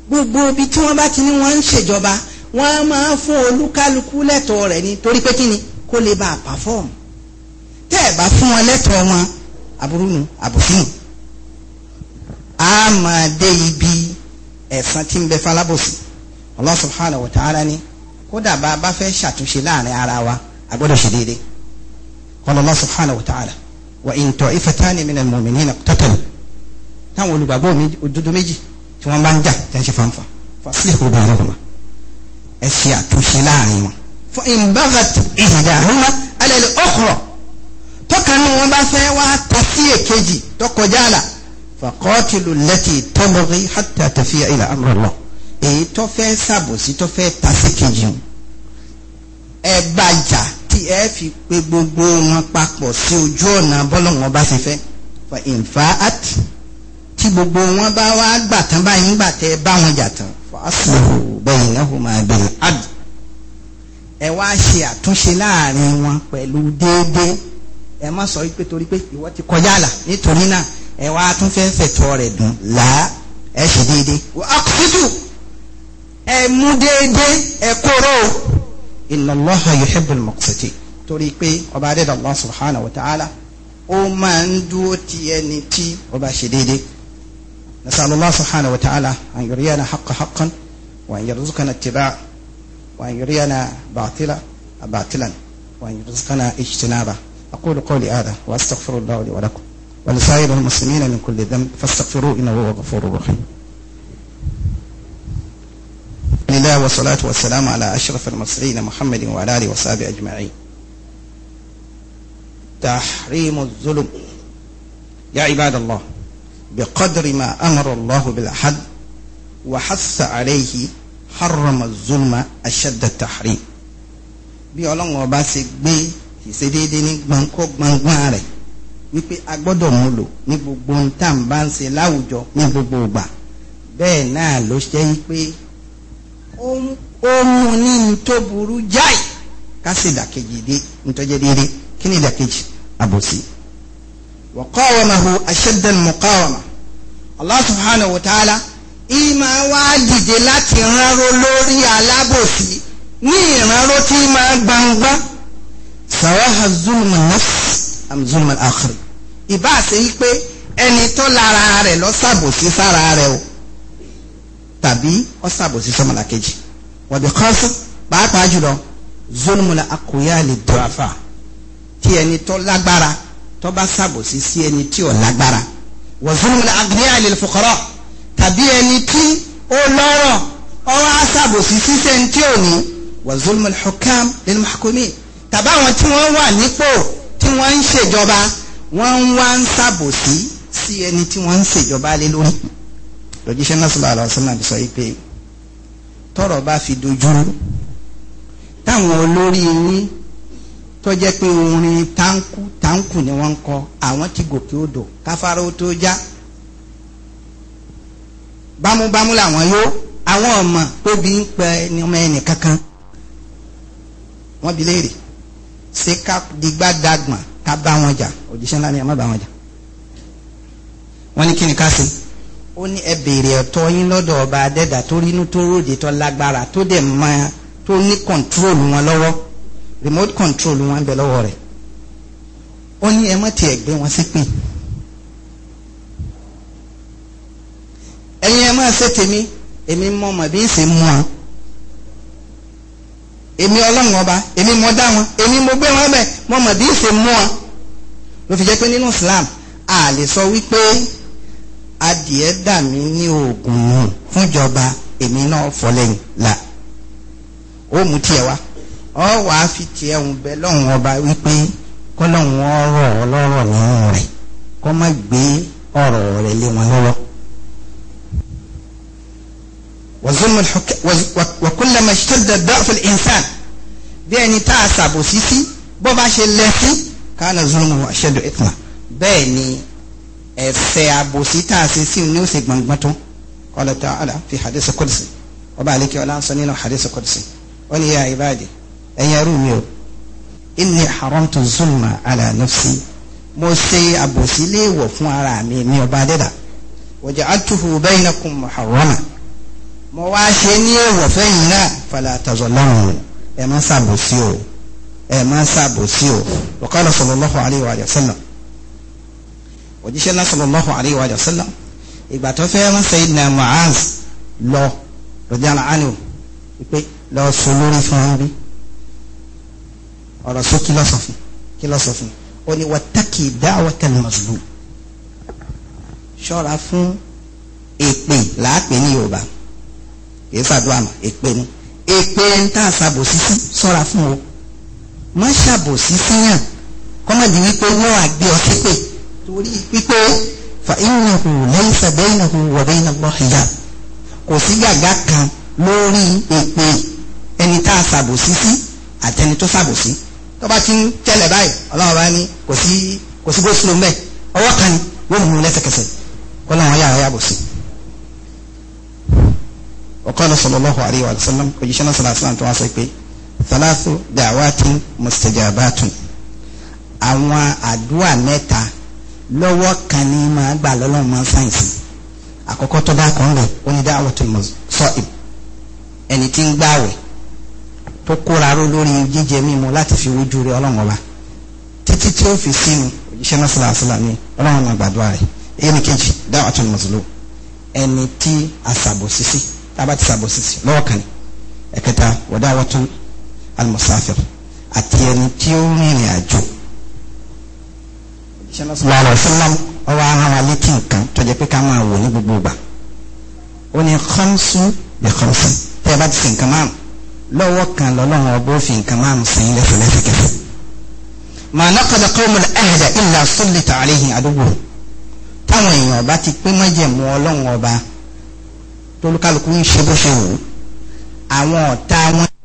gbogbo ibi tí wọ́n bá ti ní wọ́n ń ṣèjọba wọ́n á máa fún olúkálukú lẹ́tọ̀ọ́ rẹ̀ ni torí pé kí ni kó lè bá a pàfọ́ọ̀mù tẹ́ ẹ̀ bá fún wọn lẹ́tọ̀ọ́ wọn aburú nu àbùfín a máa dé ibi ẹ̀san tí ń bẹ falábòsí Allah subhanahu wa ta'ala ni kódà bá a bá fẹ́ ṣàtúnṣe láàrin ara wa a gbọ́dọ̀ ṣe déédéé qala Allah subhanahu wa ta'ala wa in ta'ifatani minal mu'minina iqtatalu táwọn olùgbàgbọ́ mi òdodo méjì tí wọ́n bá ń jà tí wọ́n ṣe fanfa faslihu bainahuma ẹ ṣe àtúnṣe láàrin wọn. fa in baghat ihdahuma ala al-ukhra tọ́ka ni bá fẹ́ wá tọ́ èkejì tọkọjá àlà fàkọ́tìlù lẹ́tì tọ́lọ́rí hàtà tẹ̀fí ilà amúrọ̀lọ́ èyí tó fẹ́ sàbòsí tó fẹ́ tasí kejì o ẹ bá jà tí ẹ fi pé gbogbo wọn papọ̀ sí ojú ọ̀nà bọ́lọ̀wọ́n bá ṣe fẹ́ fa ìnfà at tí gbogbo wọn bá wá gbà tán báyìí ń gbà tẹ bá wọn jà tán fa bẹ́yìn náà máa bẹ̀rẹ̀ àdù ẹ wá ṣe àtúnṣe láàrin wọn pẹ̀lú déédéé ẹ má sọ wípé torí pé ìwọ ti kọjá àlà nítorí náà ẹ wá tún fẹ́ fẹ̀tọ́ rẹ̀ dùn là ẹ ṣe déédé. akutu ẹ mú déédé ẹ kóró inna Allaha yuhibbul muqsitin torí pé ọba adéda Allah subhanahu wa ta'ala ó máa ń dúró ti ẹni tí ọba ṣe déédé. nasalu Allah subhanahu wa ta'ala an yuriyana haqqa haqqan wa an yarzuqana ittiba'a wa an yuriyana batila batilan wa an yarzuqana ijtinaba. أقول قولي هذا وأستغفر الله لي ولكم ولسائر المسلمين من كل ذنب فاستغفروه إنه هو غفور رحيم لله والصلاة والسلام على أشرف المرسلين محمد وعلى آله وصحبه أجمعين تحريم الظلم يا عباد الله بقدر ما أمر الله بالحد وحث عليه حرم الظلم أشد التحريم bí ọlọ́run ọba ṣe gbé ìṣedéédé ní gbọ̀ǹkọ́ gbọ̀ǹgbọ̀n wípé a gbọ́dọ̀ mú lò ní gbogbo ohun tá à ń bá ń ṣe láwùjọ ní gbogbo ìgbà bẹ́ẹ̀ náà ló ṣe wípé ó mú ní ní tó burú jáì ká sì dàkejì dé nítọ́jẹ́ déédé kí ni ìdàkejì àbòsí. wa qawamahu ashaddan muqawama Allah subhanahu wa ta'ala ìmọ̀ wá dìde láti ránró lórí alábòsí ní ìránró tí máa gbangba sàwáhà zulmu nafs zulman akhir ìbá ṣe wípé ẹni tó lára rẹ̀ lọ ṣàbòsí sára rẹ̀ o tàbí ọ ṣàbòsí sọmọlá kejì wàbí kọ́sí pàápàá jùlọ zulmula akóyá lè dùràfà tí ẹni tó lágbára tó bá ṣàbòsí sí ẹni tí ò lágbára wà zulmula agniya lè fòkọrọ tàbí ẹni tí ó lọ́rọ̀ ọ wá ṣàbòsí sí sẹ́ni tí ò ní wà zulmula hukam lè mahkumi tàbí àwọn tí wọ́n wà nípò tí wọ́n ń ṣèjọba wọ́n ń wá ń ṣàbòsí sí ẹni tí wọ́n ń ṣèjọba lé lórí lójíṣẹ́ náà sọ̀rọ̀ àlọ́ sọ́nà sọ pé tọ́rọ̀ bá fi dojúrú táwọn olórí yín tó jẹ́ pé orin táǹkù táǹkù ni wọ́n ń kọ àwọn tí gòkè odò káfáró tó já bámúbámú làwọn yó àwọn ọmọ tóbi ń pẹ ẹni ọmọ ẹnì kankan wọ́n bi léèrè ṣé ká digbá dagbọ̀n ká bá wọn jà òjíṣẹ́ ńlá ni ẹ má bá wọn jà wọ́n ní kí ni ká ṣe ó ní ẹ béèrè ẹ̀tọ́ yín lọ́dọ̀ ọba adẹ́dà tó rínú tó ròde tó lágbára tó dẹ̀ mọ tó ní kọ̀ǹtróòlù wọn lọ́wọ́ remote control wọn ń bẹ lọ́wọ́ rẹ̀ ó ní ẹ má tiẹ̀ gbé wọn sípìn ẹ̀yin ẹ má ṣe tèmi èmi mọ̀ mọ̀ bí ń ṣe mú wọn èmi ọlọ́run ọba èmi mo dá wọn èmi mo gbé wọn bẹ́ẹ̀ mo mọ̀ bí ìṣe mú wọn ló fi jẹ́ pé nínú Islam a lè sọ wípé adìẹ dà mí ní oògùn nù fúnjọba èmi náà fọlẹ́yìn là ó mú tiẹ̀ wá ọ wàá fi tiẹ̀ ń bẹ lọ́run ọba wípé kọ́lọ́run ọ̀rọ̀ ọlọ́rọ̀ nínú rẹ̀ kọ́ má gbé ọ̀rọ̀ rẹ̀ lé wọn lọ́wọ́. وظلم الحكام وكلما اشتد ضعف الإنسان بأن تعصب وسيسي bọ́ba ṣe lẹ́sí kánà zulumu aṣẹ́dọ̀ ìtàn bẹ́ẹ̀ ni ẹ̀fẹ̀ àbòsí tá a ṣe sí ní òsè gbọ̀ngbọ̀n tó qala ta'ala fi hadith qudsi ọba àlekí ọlá ń sọ nínú hadith qudsi ó ní ya ibadi ẹ̀yin ẹrú mi o inni haramtu zulma ala nafsi mo ṣe àbòsí léèwọ̀ fún ara mi mi ọba adẹ́dà wa ja'altuhu bainakum muharrama mo wá ṣe ní èèwọ̀ fẹ́yìn náà fàlà àtàzọ̀ lọ́rùn ẹ má ṣàbòsí o ẹ má ṣàbòsí o wàkàlà sallallahu alayhi wa sallam òjíṣẹ́ náà sallallahu alayhi wa sallam ìgbà tó fẹ́ rán Sayyidina Mu'az lọ lọ́jàrá ánìwò pé lọ sọ lórí fún wọn rí ọ̀rọ̀ sí kí lọ sọ fún kí lọ sọ fún ó ní wattaqi da'watal mazlum ṣọ́ra fún èpè làápè ní Yorùbá èyí fàdúrà mọ̀ èpè ni èpè ń tà ṣàbòsí sí sọ́ra fún o má ṣàbòsí síyàn kọ́mọ̀dé wípé yóò àgbé ọ sípè torí wípé fa innahu laysa bainahu wa baina Allahi hijab kò sí gàgá kan lórí èpè ẹni tá a ṣàbòsí sí àtẹni tó ṣàbòsí tó bá ti ń tẹ́lẹ̀ báyìí ọlọ́run bá ní kò sí kò sí bó sùn lóun ọwọ́ kan ni yóò mú un lẹ́sẹ̀kẹsẹ̀ kọ́ ọ̀kọ́lọ̀ sallallahu alayhi wa sallam òjíṣẹ́ náà sọ̀rọ̀ àṣìlá tó wá sọ pé salasu da'awatin mustajabatun àwọn àdúrà mẹ́ta lọ́wọ́ kan ní máa gbà lọ́lọ́run máa sáyẹ̀nsì àkọ́kọ́ tó bá kàn rẹ̀ ó ní da'awatul musa'im ẹni tí ń gbààwẹ̀ tó kóra ró lórí jíjẹ mímu láti fi wojú rẹ̀ ọlọ́run ọba títí tí ó fi sínú òjíṣẹ́ náà sọ̀rọ̀ àṣìlá ni ọlọ́run máa gbàdúrà rẹ̀ ẹni kejì da'awatul mazlum ẹni tí àṣàbò sísí taba ti sabo sisi lọ́wọ́ kan ẹ̀kẹta wọ́dà wọ́tún alimusafir àti ẹni tí ó rìnrìn àjò wàhálà sálám ọwọ́ ahọ́n alẹ́ kí nǹkan tọ́jà pé ká máa wò ní gbogbo ìgbà ó ní khamsu bí khamsu tẹ́ ẹ bá ti fi nǹkan márùn lọ́wọ́ kan lọ́lọ́run ọgbó fi nǹkan márùn sẹ́yìn lẹ́sẹ̀ lẹ́sẹ̀ kẹfẹ́ ma naqada qawmul ahda illa sullita alayhi aduwwu táwọn èèyàn ọba ti pé májẹ̀mú ọlọ́run ọba tolúkálukú ń ṣe bó ṣe wù ú àwọn ọ̀tá wọn.